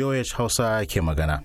BOH Hausa ke magana.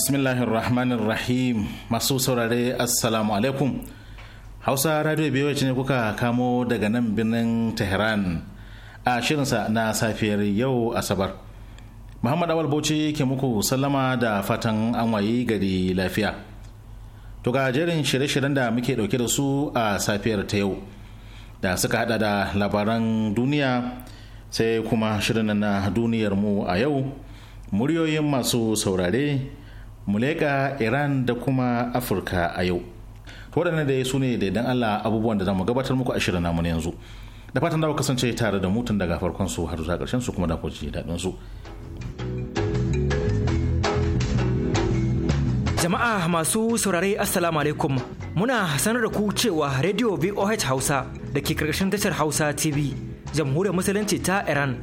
bismillahirrahmanirrahim masu saurare assalamu alaikum hausa radio biyu ne kuka kamo daga nan birnin tehran a shirinsa na safiyar yau asabar muhammad awal bauchi ke muku sallama da fatan an wayi gari lafiya to ga jerin shirye-shiryen da muke dauke da su a safiyar ta yau da suka hada da labaran duniya sai kuma shirin na duniyar mu a yau muryoyin masu saurare muleka iran da kuma afirka a yau waɗannan da su ne da idan allah abubuwan da zamu gabatar muku a shirin namu yanzu da fatan dawo kasance tare da mutum daga farkon su har zuwa ƙarshen su kuma da kuji daɗin su jama'a masu saurare assalamu alaikum muna sanar da ku cewa radio voh hausa da ke karkashin tashar hausa tv jamhuriyar musulunci ta iran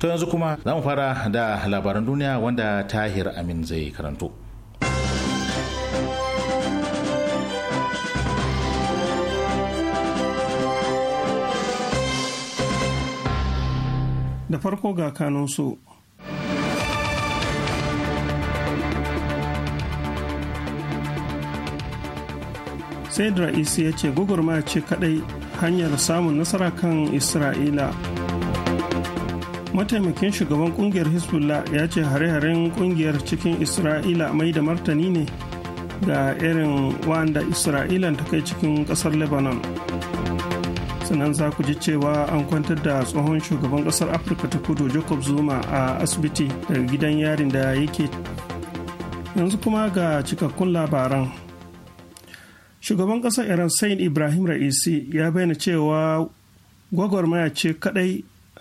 to yanzu kuma za mu fara da labaran duniya wanda tahir amin zai karanto da farko ga kanunsu sai da isi ya ce gugurma ce kadai hanyar samun nasara kan isra'ila mataimakin shugaban kungiyar hezbollah ya ce hare-haren kungiyar cikin isra'ila mai da martani ne ga irin wanda isra'ilan ta kai cikin kasar lebanon sannan za ku ji cewa an kwantar da tsohon shugaban kasar afirka ta kudu jacob zuma a asibiti daga gidan yarin da yake yanzu kuma ga cikakkun labaran shugaban kasar iran sain ibrahim ra'isi ya bayyana cewa gwagwarmaya ce kadai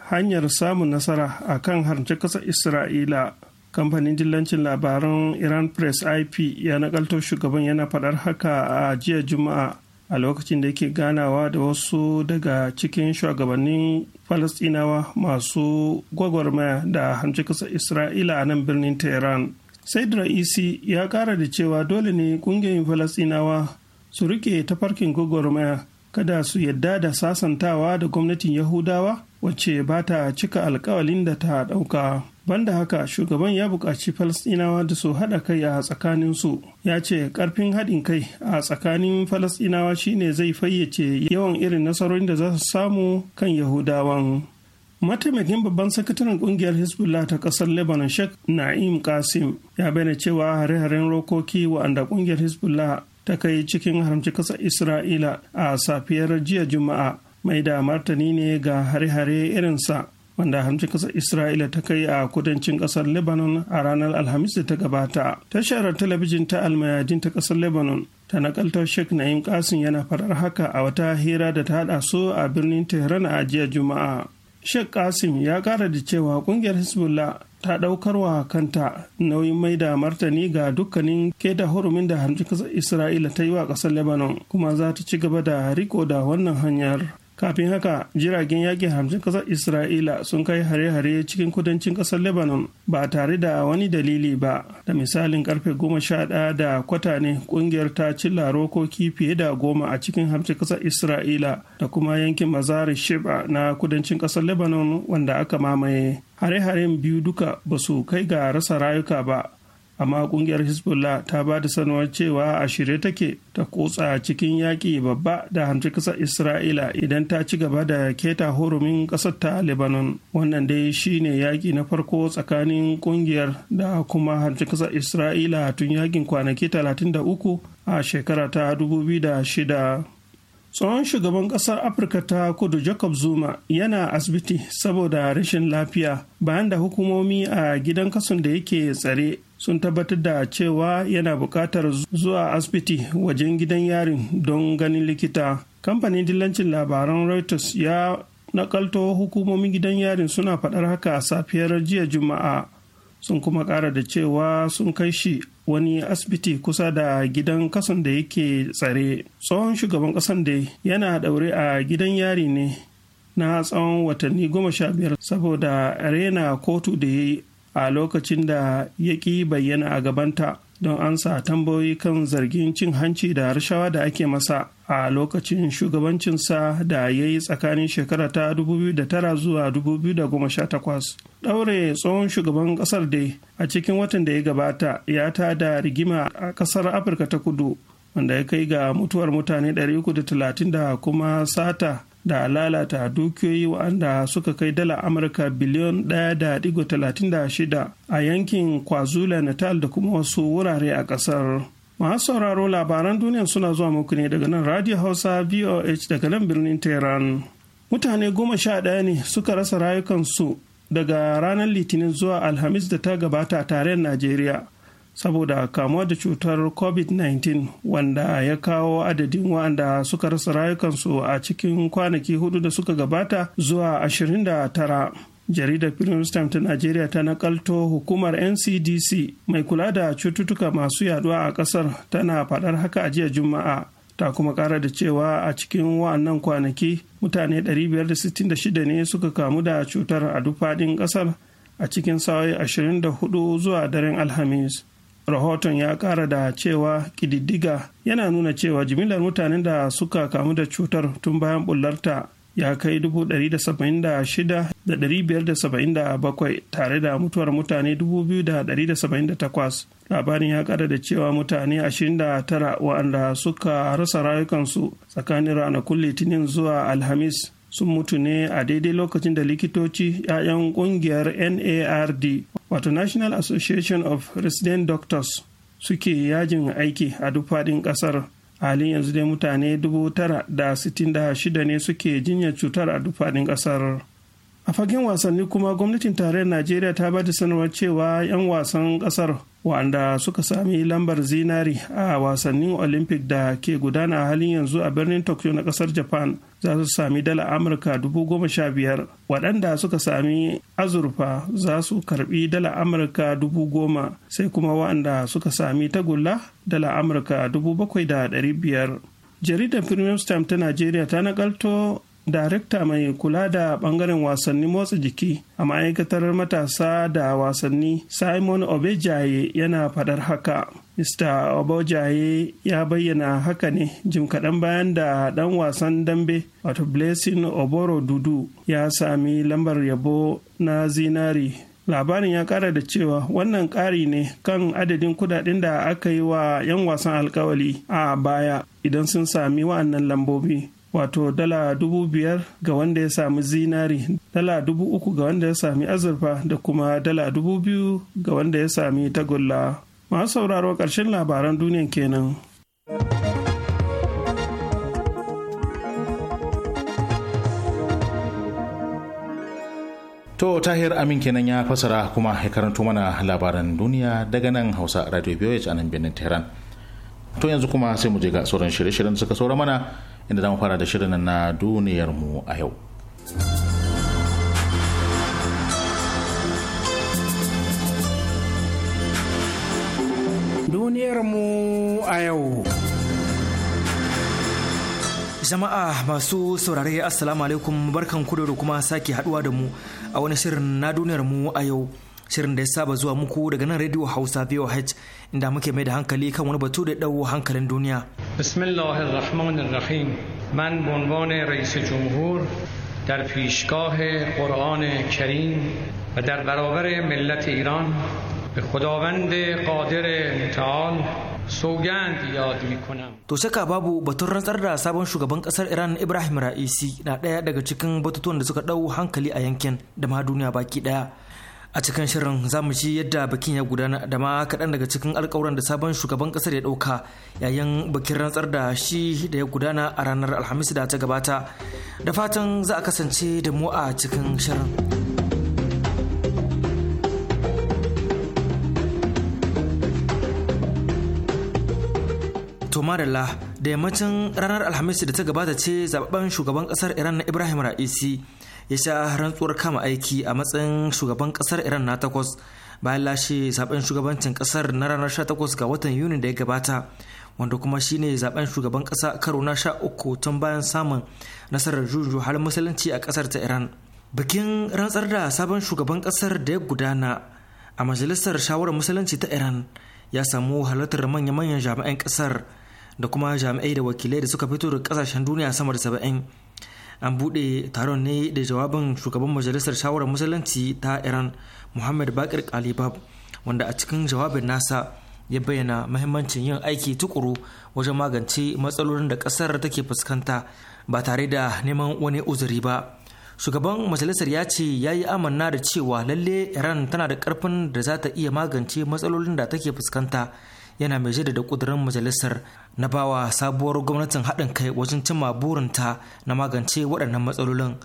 hanyar samun nasara a kan harce kasar isra'ila kamfanin jillancin labaran iran press ip ya nakalto shugaban yana faɗar haka a jiya juma'a a lokacin da yake ganawa da wasu daga cikin shugabannin falastinawa masu gwagwarmaya da hamci kasar isra'ila a nan birnin tehran sai ra'isi ya kara da cewa dole ne kungiyoyin falastinawa su rike tafarkin gwagwarmaya kada su yadda da sasantawa da gwamnatin yahudawa wacce ba ta cika alkawalin da ta ɗauka. Banda haka shugaban ya buƙaci Falasɗinawa da su haɗa kai a tsakaninsu. Ya ce ƙarfin haɗin kai a tsakanin Falasɗinawa shine zai fayyace yawan irin nasarorin da za su samu kan Yahudawan. Mataimakin babban sakataren kungiyar Hezbollah ta ƙasar Lebanon Sheikh Na'im Qasim ya bayyana cewa hare-haren rokoki wa'anda ƙungiyar Hezbollah ta kai cikin haramci ƙasar Isra'ila a safiyar jiya Juma'a mai da martani ne ga hare-hare irinsa wanda hamci kasar isra'ila ta kai a kudancin ƙasar lebanon a ranar alhamis da ta gabata tashar talabijin ta almayadin ta kasar lebanon ta nakaltar sheikh na'im kasim yana farar haka a wata hira da ta hada su a birnin tehran a jiya juma'a sheikh kasim ya kara da cewa kungiyar hezbollah ta ɗaukarwa kanta nauyin mai da martani ga dukkanin keta hurumin da hamci kasar isra'ila ta yi wa kasar lebanon kuma za ta ci gaba da riko da wannan hanyar kafin haka jiragen yaƙin hamsin ƙasar isra'ila sun kai hare-hare cikin kudancin ƙasar lebanon ba tare da wani dalili ba da misalin karfe goma sha ɗaya da kwata ne ƙungiyar ta ci larokoki fiye da goma a cikin hamsin ƙasar isra'ila da kuma yankin Mazari sheba na kudancin ƙasar lebanon wanda aka mamaye hare-haren biyu duka ba su kai ga rasa rayuka ba amma kungiyar hezbollah ta ba da sanuwar cewa a shirye take ta kutsa cikin yaƙi babba da hamci ƙasar isra'ila idan ta ci gaba da keta horumin ƙasar ta lebanon wannan dai shine yaƙi na farko tsakanin kungiyar da kuma hamci ƙasar isra'ila tun yaƙin kwanaki 33 a shekara ta 2006 tsohon shugaban ƙasar afirka ta kudu jacob zuma yana asibiti saboda rashin lafiya bayan da hukumomi a gidan kasun da yake tsare sun tabbatar da cewa yana bukatar zuwa asibiti wajen gidan yarin don ganin likita kamfanin dillancin labaran reuters ya nakalto hukumomin gidan yarin suna faɗar haka a safiyar jiya juma'a sun kuma ƙara da cewa sun kai shi wani asibiti kusa da gidan kasan da yake tsare tsohon shugaban kasan da yana daure a gidan yari ne na tsawon watanni goma sha biyar saboda rena kotu da ya yi a lokacin da ya bayyana a gabanta don ansa tambayoyi kan zargin cin hanci da harshawa da ake masa a lokacin shugabancinsa da ya yi tsakanin shekara ta 2009 zuwa 2018 ɗaure tsohon shugaban ƙasar dai a cikin watan da ya gabata ya tada rigima a ƙasar afirka ta kudu wanda ya kai ga mutuwar mutane 330 da kuma sata da lalata dukiyoyi wanda suka kai dala amurka biliyon 1.36 a yankin kwazula natal da kuma wasu wurare a ƙasar masu sauraro labaran duniya suna zuwa muku ne daga nan radio hausa voh daga nan birnin tehran mutane goma sha ɗaya ne suka rasa rayukansu daga ranar litinin zuwa alhamis da ta gabata a tarayyar najeriya saboda kamuwa da cutar covid-19 wanda ya kawo adadin wanda suka rasa rayukansu a cikin kwanaki hudu da suka gabata zuwa 29 jaridar Prince ta Najeriya ta nakalto hukumar NCDC mai kula da cututtuka masu yaduwa a kasar tana faɗar haka a jiya Juma'a ta kuma ƙara da cewa a cikin wa'annan kwanaki mutane 566 ne suka kamu da cutar a duk faɗin ƙasar a cikin sa'o'i 24 zuwa daren Alhamis. rahoton ya kara da cewa kididdiga yana nuna cewa jimillar mutanen da suka kamu da cutar tun bayan bullarta ya kai 176,577 tare da mutuwar mutane 2,178 labarin ya kara da cewa mutane 29 waɗanda suka rasa rayukansu tsakanin ranakun litinin zuwa alhamis sun mutu ne a daidai lokacin da likitoci 'ya'yan ƙungiyar nard wato national association of resident doctors suke yajin aiki a duk faɗin ƙasar halin yanzu dai mutane 966 ne suke jinyar cutar a duk faɗin ƙasar a fagen wasanni kuma gwamnatin tarayyar najeriya ta ba da sanarwar cewa 'yan wasan ƙasar wanda suka sami lambar zinari a wasannin olympic da ke gudana a halin yanzu a birnin tokyo na kasar japan za su sami dala amurka dubu goma sha biyar waɗanda suka sami azurfa za su karbi dala amurka dubu sai kuma waɗanda suka sami tagulla dala amurka dubu bakwai da ɗari biyar jaridar premium stamp ta najeriya ta nakalto darakta mai kula da bangaren wasannin motsa jiki a ma'aikatar matasa da wasanni simon obejaye yana fadar haka mr obejaye ya bayyana haka ne jim kaɗan bayan da ɗan wasan dambe wato blessing oboro dudu ya sami lambar yabo na zinari labarin ya kara da cewa wannan ƙari ne kan adadin kudaden da aka yi wa 'yan wasan alkawali a baya idan sun sami wa'annan lambobi wato dala dubu biyar ga wanda ya sami zinari dala dubu uku ga wanda ya sami azurfa da kuma dala dubu biyu ga wanda ya sami tagulla masu sauraro ƙarshen labaran duniyan kenan. To tahir amin kenan ya fasara kuma ya karanto mana labaran duniya daga nan hausa radio biyu a nan birnin tehran to yanzu kuma sai mu je ga sauran shirye-shiryen suka saura mana inda zamu fara da shirin na duniyar mu a yau duniyar mu a yau Jama'a masu saurare Assalamu alaikum barkan kudu kuma sake haduwa da mu a wani shirin na duniyar mu a yau. shirin da ya saba zuwa muku daga nan rediyo hausa voh inda muke mai da hankali kan wani batu da ɗau hankalin duniya در پیشگاه قرآن کریم و در برابر ملت ایران به خداوند قادر متعال سوگند یاد می کنم تو شکا بابو بطور رنسر در سابون شگبن اصر ایران ابراهیم رئیسی نا دیا دگا چکن بطوتون دسوکا دو هنکلی اینکن دما دنیا باکی دیا a cikin shirin za mu ji yadda bikin ya gudana da ma kaɗan daga cikin alkawuran da sabon shugaban ƙasar ya ɗauka yayin bikin rantsar da shi da ya gudana a ranar alhamis da ta gabata da fatan za a kasance da mu a cikin shirin tomarilla da yammacin ranar alhamis da ta gabata ce zababben shugaban ƙasar iran na ibrahim ra'isi ya sha rantsuwar kama aiki a matsayin shugaban kasar iran na takwas bayan lashe zaben shugabancin kasar na ranar 18 ga watan yuni da ya gabata wanda kuma shine zaben shugaban kasa karo na 13 tun bayan samun nasarar juju har musulunci a kasar ta iran bikin rantsar da sabon shugaban kasar da ya gudana a majalisar shawarar musulunci ta iran ya samu halartar manya-manyan jami'an kasar da kuma jami'ai da wakilai da suka fito daga kasashen duniya sama da saba'in an buɗe taron ne da jawabin shugaban majalisar shawarar musulunci ta iran muhammad bakir kalibab wanda a cikin jawabin nasa ya bayyana mahimmancin yin aiki tukuru wajen magance matsalolin da ƙasar take fuskanta ba tare da neman wani uzuri ba shugaban majalisar ya ce ya yi amanna da cewa lalle iran tana da ƙarfin da za ta iya magance matsalolin da take fuskanta yana mai jaddada kudurin majalisar na bawa sabuwar gwamnatin haɗin kai wajen cimma burinta na magance waɗannan matsalolin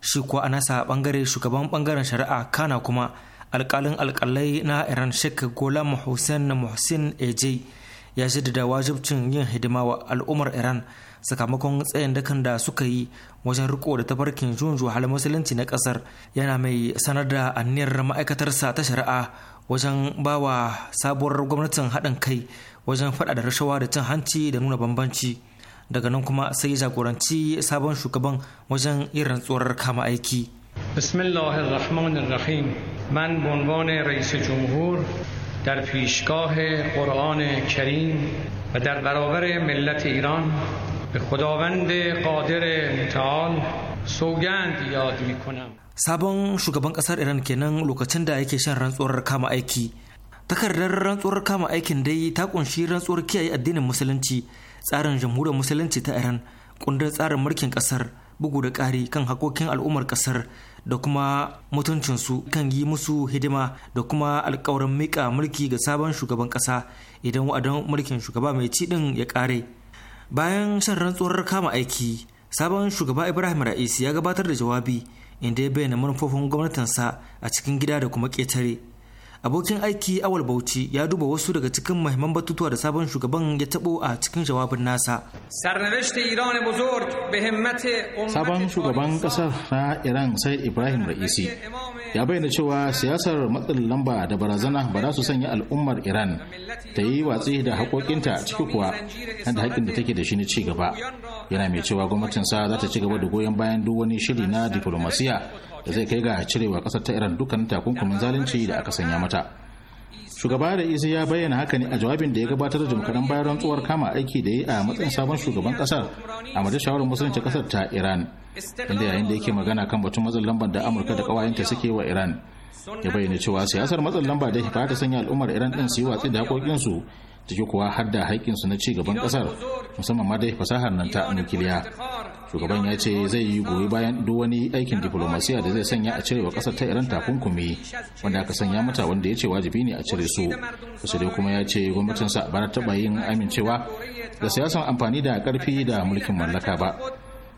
shi kuwa a nasa bangare shugaban bangaren shari'a kana kuma alƙalin alƙalai na iran sheikh golam hussein mahusin eje ya jaddada wajibcin yin hidima wa al'ummar iran sakamakon tsayin dakan da suka yi wajen riko da tafarkin junju halin musulunci na kasar yana mai sanar da anniyar ma'aikatarsa ta shari'a wajen bawa sabuwar gwamnatin haɗin kai wajen faɗa da rashawa da cin hanci da nuna bambanci daga nan kuma sai jagoranci sabon shugaban wajen irin rantsuwar kama aiki بسم الله rahim الرحیم من در پیشگاه قرآن کریم و در برابر ملت ایران به خداوند قادر متعال سوگند یاد می sabon shugaban kasar iran kenan lokacin da yake shan rantsuwar kama aiki takardar rantsuwar kama aikin dai ta kunshi rantsuwar kiyaye addinin musulunci tsarin jamhuriyar musulunci ta iran kundin tsarin mulkin kasar bugu da ƙari kan hakokin al'ummar kasar da kuma mutuncinsu kan yi musu hidima da kuma alkawarin mika mulki ga sabon shugaban ƙasa idan wa'adin mulkin shugaba mai ci ɗin ya kare bayan shan rantsuwar kama aiki sabon shugaba ibrahim ra'isi ya gabatar da jawabi inda ya bayyana manufofin gwamnatinsa a cikin gida da kuma ƙetare abokin aiki awal bauchi ya duba wasu daga cikin mahimman batutuwa da sabon shugaban ya tabo a cikin jawabin nasa sabon shugaban ƙasar na iran sai ibrahim ra'isi ya bayyana cewa siyasar matsin lamba da barazana ba za su sanya al'ummar iran ta yi watsi da haƙoƙinta ciki kuwa da haƙƙin da take da shi ne ci gaba yana mai cewa gwamnatin sa za ta ci gaba da goyon bayan duk wani shiri na diplomasiya da zai kai ga cirewa kasar ta iran dukkan takunkumin zalunci da aka sanya mata shugaba da isa ya bayyana haka ne a jawabin da ya gabatar da kaɗan bayan rantsuwar kama aiki da ya yi a matsayin sabon shugaban kasar a majalisar shawarar musulunci kasar ta iran inda yayin da yake magana kan batun matsin lambar da amurka da ƙawayenta suke wa iran ya bayyana cewa siyasar matsin lamba da ba fata sanya al'ummar iran din su yi watsi da haƙoƙinsu ciki kuwa har da haƙƙinsu na ci gaban ƙasar musamman ma dai fasahar nan ta nukiliya shugaban ya ce zai yi goyi bayan duk wani aikin diplomasiya da zai sanya a wa ƙasar ta iran takunkumi wanda aka sanya mata wanda ya ce wajibi ne a cire su wasu dai kuma ya ce gwamnatinsa ba taɓa yin amincewa da siyasan amfani da ƙarfi da mulkin mallaka ba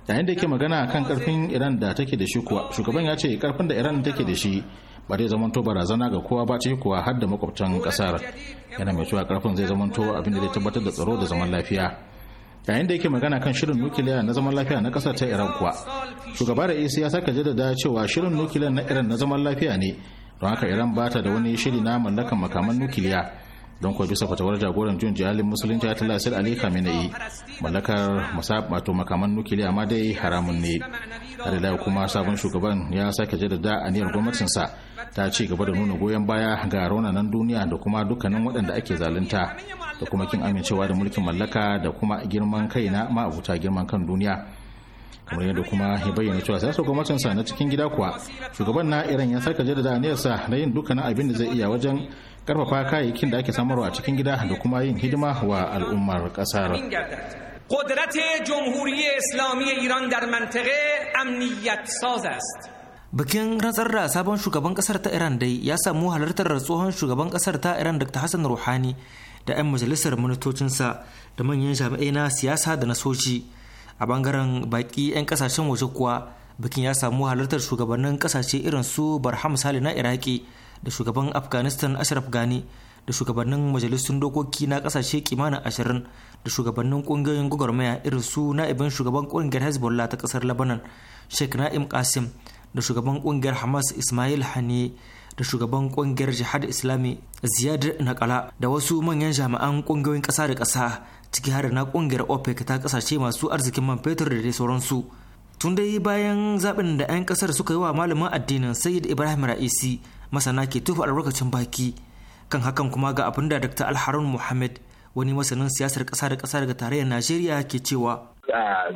yayin da yake magana kan karfin iran da take da shi kuwa shugaban ya ce karfin da iran take da shi ba zai zamanto barazana ga kowa ba ce kuwa har da makwabtan kasar yana mai cewa karfin zai zamanto abin da zai tabbatar da tsaro da zaman lafiya yayin da yake magana kan shirin nukiliya na zaman lafiya na kasar ta iran kuwa shugaba da isa ya saka jaddada cewa shirin nukiliya na iran na zaman lafiya ne don haka iran ba ta da wani shiri na mallakan makaman nukiliya don kuwa bisa fatawar jagoran jun jihalin musulunci ta lasir ali khamenei mallakar wato makaman nukiliya ma dai haramun ne har kuma sabon shugaban ya sake jaddada aniyar gwamnatinsa ta ci gaba da nuna goyon baya ga raunanan duniya da kuma dukkanin waɗanda ake zalunta da kuma kin amincewa da mulkin mallaka da kuma girman kai na ma'abuta girman kan duniya kamar yadda kuma ya bayyana cewa sai gwamnatin sa na cikin gida kuwa shugaban na iran ya saka jaddada aniyarsa na yin dukkanin abin da zai iya wajen karfafa kayayyakin da ake samarwa a cikin gida da kuma yin hidima wa al'ummar kasar قدرت جمهوری اسلامی ایران در منطقه امنیت ساز است Bikin rantsar da sabon shugaban kasar ta Iran dai ya samu halartar tsohon shugaban kasar ta Iran Dr. Hassan ruhani da 'yan majalisar ministocinsa da manyan jami'ai na siyasa da na soji. A bangaren baki 'yan kasashen waje kuwa bikin ya samu halartar shugabannin kasashe irin su Barham Sale na Iraki da shugaban Afghanistan Ashraf gani da shugabannin majalisun dokoki na kasashe kimanin ashirin da shugabannin kungiyoyin gwagwarmaya irin su na'ibin shugaban kungiyar Hezbollah ta kasar Lebanon Sheikh Na'im Qasim da shugaban kungiyar hamas ismail hane da shugaban kungiyar jihad islami ziyad nakala da wasu manyan jami'an kungiyoyin kasa da kasa ciki har na kungiyar opec ta kasashe masu arzikin man fetur da dai sauransu tun dai bayan zaɓin da 'yan ƙasar suka yi wa malamin addinin sayyid ibrahim ra'isi masana ke tufa albarkacin baki kan hakan kuma ga abinda da dr alharun muhammad wani masanin siyasar kasa da kasa daga tarayyar najeriya ke cewa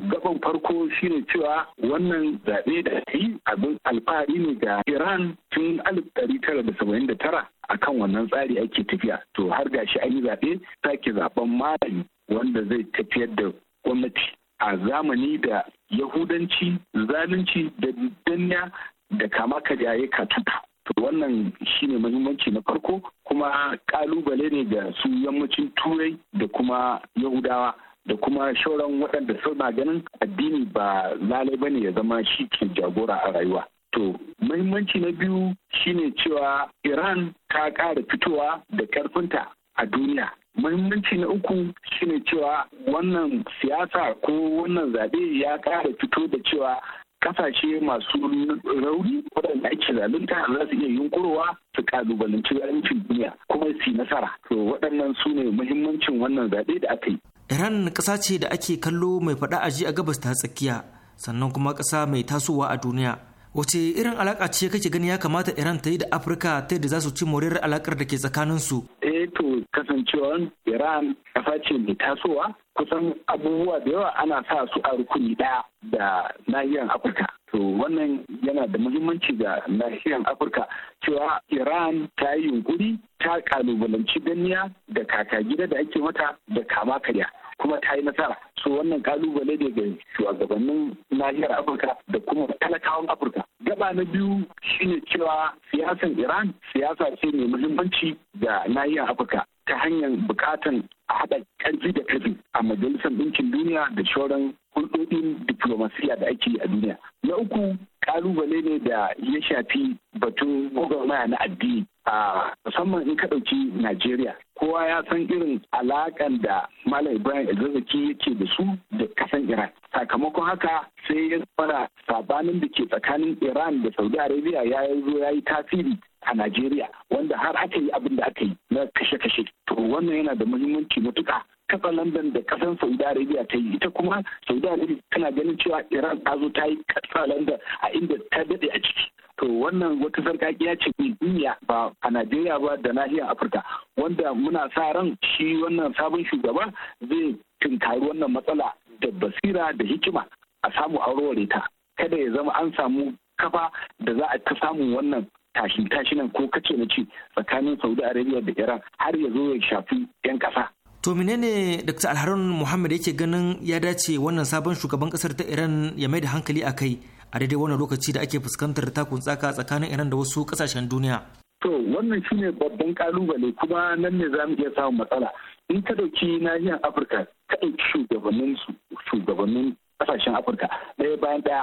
gaban farko shine cewa wannan zaɓe da yi abin alfahari ne ga iran tun alif 1979 akan wannan tsari ake tafiya to har gashi an yi zaɓe sake zaɓen malami wanda zai tafiyar da gwamnati a zamani da yahudanci zalunci da Danya da kama jaye ya tuta to wannan shine muhimmanci na farko kuma kalubale ne ga su yammacin turai da kuma yahudawa da kuma shauran waɗanda suna ganin addini ba lalai bane ya zama shi ke jagora a rayuwa To, muhimmanci na biyu shine cewa Iran ta ƙara fitowa da ƙarfinta a duniya. Muhimmanci na uku shine cewa wannan siyasa ko wannan zaɓe ya ƙara fito da cewa kasashe masu rauni waɗanda ake zalunta za su iya yunkurowa su kalubalanci yancin duniya kuma su nasara. To waɗannan su ne muhimmancin wannan zaɓe da aka yi. iran ƙasa ce da ake kallo mai faɗa aji a gabas ta tsakiya sannan kuma ƙasa mai tasowa a duniya wace irin alaƙa ce kake gani ya kamata iran ta yi da afirka ta yadda za su ci moriyar alaƙar da ke tsakaninsu eh to kasancewar iran ƙasa ce mai tasowa kusan abubuwa da yawa ana sa su a rukuni ɗaya da nahiyar afirka to wannan yana da muhimmanci ga nahiyar afirka cewa iran ta yi yunkuri ta kalubalanci danniya da kaka gida da ake mata da kama karya kuma ta yi nasara so wannan kalubale ne ga shugabannin nahiyar afirka da kuma talakawan afirka gaba na biyu shine cewa siyasan iran siyasa ce mai muhimmanci ga nahiyar afirka ta hanyar bukatan haɗa ƙarfi da ƙarfi a majalisar ɗinkin duniya da shoran hulɗoɗin diplomasiya da ake yi a duniya na uku kalubale ne da ya shafi batun gwagwarmaya na addini a musamman in ka ɗauki najeriya kowa ya san irin alaƙan da malam ibrahim Ezezaki yake da su da kasan iran sakamakon haka sai ya fara sabanin da ke tsakanin iran da saudi arabia ya zo ya yi tasiri a Najeriya wanda har aka yi abin da aka yi na kashe-kashe. To wannan yana da muhimmanci matuƙa Katsalandan London da kasar Saudi Arabia ta yi ita kuma Saudi Arabia tana ganin cewa Iran ta zo ta yi kasa London a inda ta daɗe a ciki. To wannan wata sarƙaƙiya ce duniya ba a Najeriya ba da nahiyar Afirka wanda muna sa ran shi wannan sabon shugaba zai tunkari wannan matsala da basira da hikima a samu aurewar ta. Kada ya zama an samu kafa da za a ta samu wannan tashin nan ko kake na ci tsakanin saudi arabia da iran har ya zo ya shafi yan kasa to menene dr alharun muhammad yake ganin ya dace wannan sabon shugaban kasar ta iran ya mai da hankali a kai a daidai wannan lokaci da ake fuskantar takun tsaka tsakanin iran da wasu kasashen duniya to wannan shine babban kalubale kuma nan ne za mu iya samun matsala in ka dauki nahiyar afirka ka dauki shugabannin shugabannin kasashen afirka ɗaya bayan ɗaya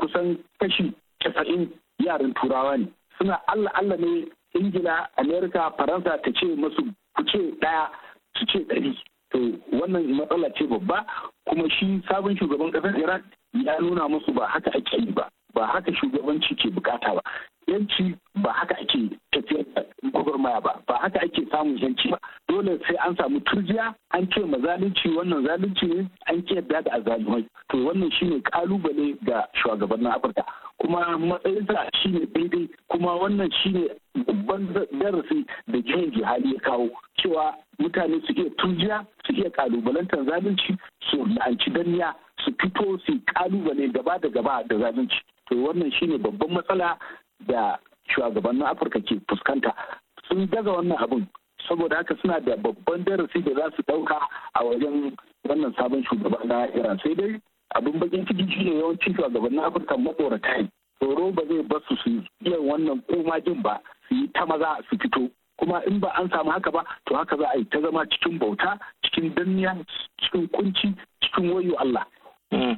kusan kashi casa'in yaran turawa ne suna allah allah ne ingila amerika faransa ta ce masu kuce ɗaya su ce ɗari to wannan matsala ce babba kuma shi sabon shugaban ƙasar Iran ya nuna masu ba haka ake yi ba ba haka shugabanci ke bukata ba yanci ba haka ake tafiyar da gwagwarmaya ba ba haka ake samun yanci ba dole sai an samu turjiya an ce ma zalunci wannan zalunci ne an ke yadda da azalumai to wannan shine kalubale ga shugabannin afirka kuma matsayinsa shine daidai kuma wannan shine babban darasi da jihar hali ya kawo cewa mutane su iya turjiya su iya kalubalantar zalunci su la'anci danniya su fito su kalubale gaba da gaba da zalunci to wannan shine babban matsala da shugabannin afirka ke fuskanta sun daga wannan abin saboda haka suna da babban darasi da za su ɗauka a wajen wannan sabon shugaba na iran sai dai abin bakin ciki shi ne yawancin shugabannin afirka makorata ne tsoro ba zai basu su iya wannan jin ba su yi ta maza su fito kuma in ba an samu haka ba to haka za a yi ta zama cikin bauta cikin danniya cikin kunci cikin wayo Allah Hmm.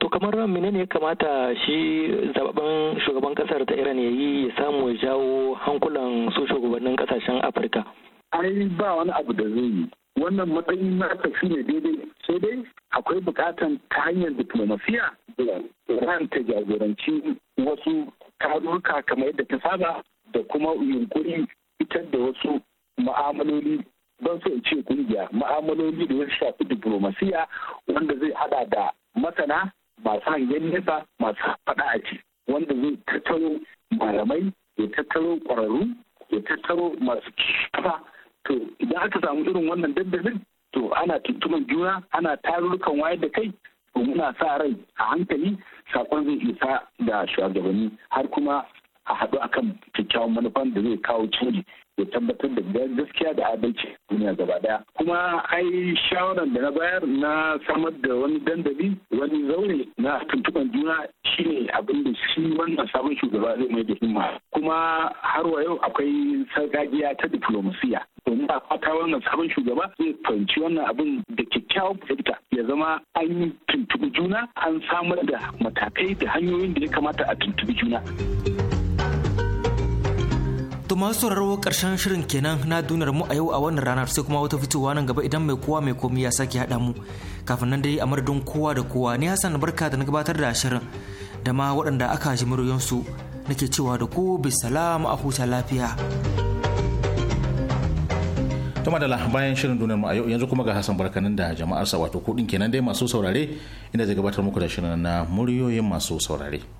to kamar menene ya kamata shi zababen shugaban kasar ta iran ya yi ya samu ya jawo hankulan su shugabannin kasashen afirka ai ba wani abu da zai yi wannan matsayin nasa shi ne daidai sai dai akwai bukatan ta hanyar diplomasiya da iran ta jagoranci wasu tarurruka kamar yadda ta saba da kuma yunkuri fitar da wasu ma'amaloli don so ce kungiya ma'amaloli da ya shafi diplomasiya wanda zai hada da masana masu hangen nesa masu faɗa a ci wanda zai tattaro malamai ya tattaro ƙwararru ya tattaro masu kifa to idan aka samu irin wannan dandalin to ana tuntuman juna ana tarurrukan wayar da kai to muna sa rai a hankali sakon zai isa da shugabanni har kuma a haɗu akan kyakkyawan manufan da zai kawo canji ya tabbatar da gaskiya da adalci duniya gaba daya kuma ai shawaran da na bayar na samar da wani dandali wani zaune na tuntuban juna shine abin da shi wannan sabon shugaba zai mai da himma kuma har wa yau akwai sargajiya ta diplomasiya domin a fata wannan sabon shugaba zai fahimci wannan abin da kyakkyawan fahimta ya zama an tuntubi juna an samar da matakai da hanyoyin da ya kamata a tuntubi juna. To masu sauraro karshen shirin kenan na dunar mu a yau a wannan ranar sai kuma wata fitowa nan gaba idan mai kowa mai komi ya sake haɗa mu. Kafin nan dai a madadin kowa da kowa ni Hassan barka da na gabatar da shirin da ma waɗanda aka ji muryoyinsu nake cewa da ku bi salama a huta lafiya. to madala bayan shirin duniyar mu a yau yanzu kuma ga Hassan barkanin da jama'arsa wato kuɗin kenan dai masu saurare inda zai gabatar muku da shirin na muryoyin masu saurare.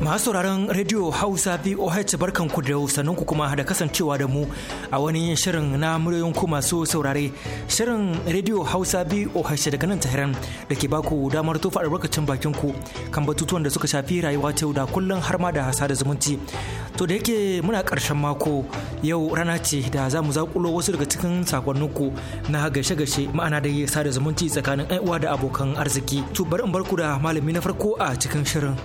Masu sauraron Radio Hausa barkan ku da ku kuma da kasancewa da mu a wani shirin na muryoyin ku masu saurare. Shirin Radio Hausa VOH daga nan Tahiran da ke baku damar tofa albarkacin bakin ku kan batutuwan da suka shafi rayuwa ta yau da kullum har ma da hasa zumunci. To da yake muna karshen mako yau rana ce da za mu zakulo wasu daga cikin ku na gashe-gashe ma'ana da yi sada zumunci tsakanin uwa da abokan arziki. To bari in barku da malami na farko a cikin shirin.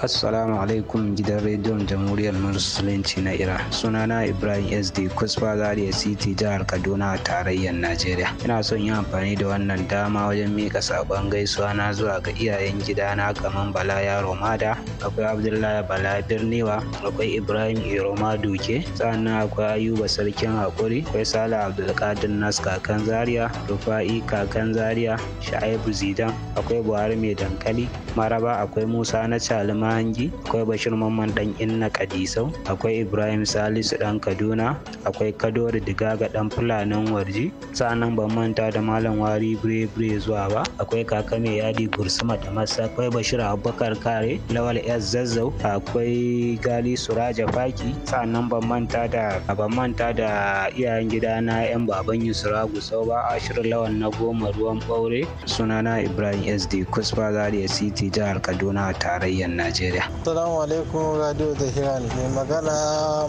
assalamu alaikum gidan rediyon jamhuriyar musulunci na Ira. sunana ibrahim sd kusfa zaria city jihar kaduna a tarayyar najeriya ina son yi amfani da wannan dama wajen mika sabon gaisuwa na zuwa ga iyayen gidana kamar bala yaro mada akwai abdullahi bala birniwa akwai ibrahim iroma duke sannan akwai ayuba sarkin hakuri akwai sala abdulkadir nas kakan zaria rufa'i kakan zaria sha'ibu zidan akwai buhari mai dankali maraba akwai musa na calima Mahangi, akwai Bashir Mamman dan Inna Kadisau, akwai Ibrahim Salisu ɗan Kaduna, akwai Kadori Digaga dan Fulanin Warji, sa'annan ban manta da Malam Wari Bire zuwa ba, akwai Kaka Mai Yadi Gursuma da Masa, akwai Bashir Abubakar Kare, Lawal S Zazzau, akwai Gali Suraja Faki, sa'annan ban manta da ban manta da iyayen gida na 'yan baban Yusra Gusau ba, Ashirin Lawan na goma ruwan ɓaure, sunana Ibrahim SD Kusfa Zaria City jihar Kaduna tarayyar Najeriya. Najeriya. Salamu alaikum Radio Zahiran. Mai magana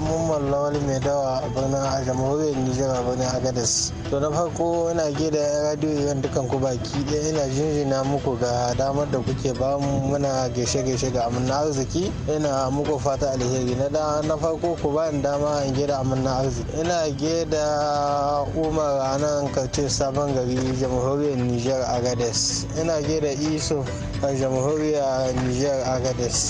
Mummal Lawal mai dawa a birnin a jamhuriyar Nijar a birnin Agadez. To na farko ina ge da Radio Iran dukan ku baki ɗaya ina jinjina muku ga damar da kuke bamu muna gaishe-gaishe ga amanna arziki. Ina muku fata alheri na da na farko ku ba ni dama in da amanna arziki. Ina ge da Umar a nan Sabon Gari jamhuriyar Nijar Agadez. Ina ge da Isuf a jamhuriyar Nijar Agadez.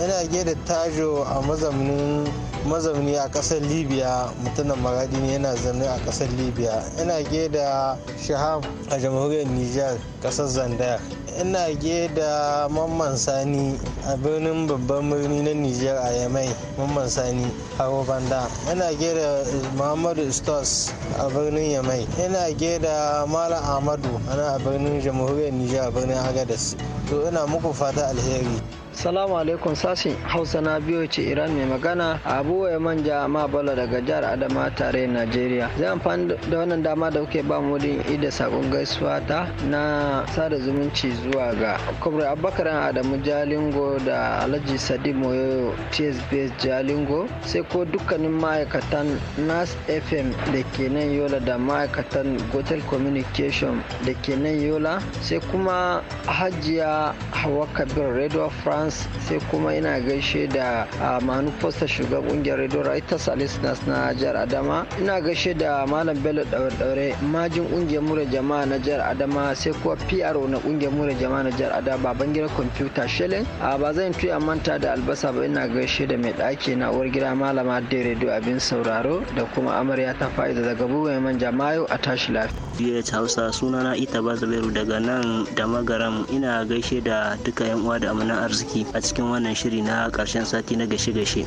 Ina da Tajo a mazaunin mazauni a kasar libya mutumin magadi ne yana zaune a kasar libya ina da shaham a jamhuriyar niger kasar zandar ina da mamman sani a birnin babban birni na niger a yamai mamman sani a banda ina da muhammadu stos a birnin yamai ina da malam ahmadu a birnin jamhuriyar niger a birnin agadas to ina muku fata alheri Salamu alaikum sashin Hausa na biyo ce Iran mai magana Abu ya manja ma bala daga jihar Adama tare Najeriya. Zai amfani da wannan dama da kuke ba mu din ida sakon gaisuwa ta na sada zumunci zuwa ga Kubra Abubakar Adamu Jalingo da Alhaji Sadi Moyo TSBS Jalingo sai ko dukkanin ma'aikatan Nas FM da ke nan Yola da ma'aikatan Gotel Communication da ke nan Yola sai kuma Hajiya Hawa Kabir Radio France sai kuma ina gaishe da manufarsa shugaban kungiyar radio writers listeners na jihar adama ina gaishe da malam bello daure majin kungiyar mura jama'a na jihar adama sai kuma pro na kungiyar mura jama'a na jihar adama baban gidan kwamfuta shelin a ba zan tuya manta da albasa ba ina gaishe da mai ɗaki na uwar gida malama da radio abin sauraro da kuma amarya ta fa'ida daga bugun man jama'a a tashi lafiya. hausa sunana ita ba daga nan da magaram ina gaishe da duka yan uwa da amana arziki aiki a cikin wannan shiri na ƙarshen sati na gashe-gashe.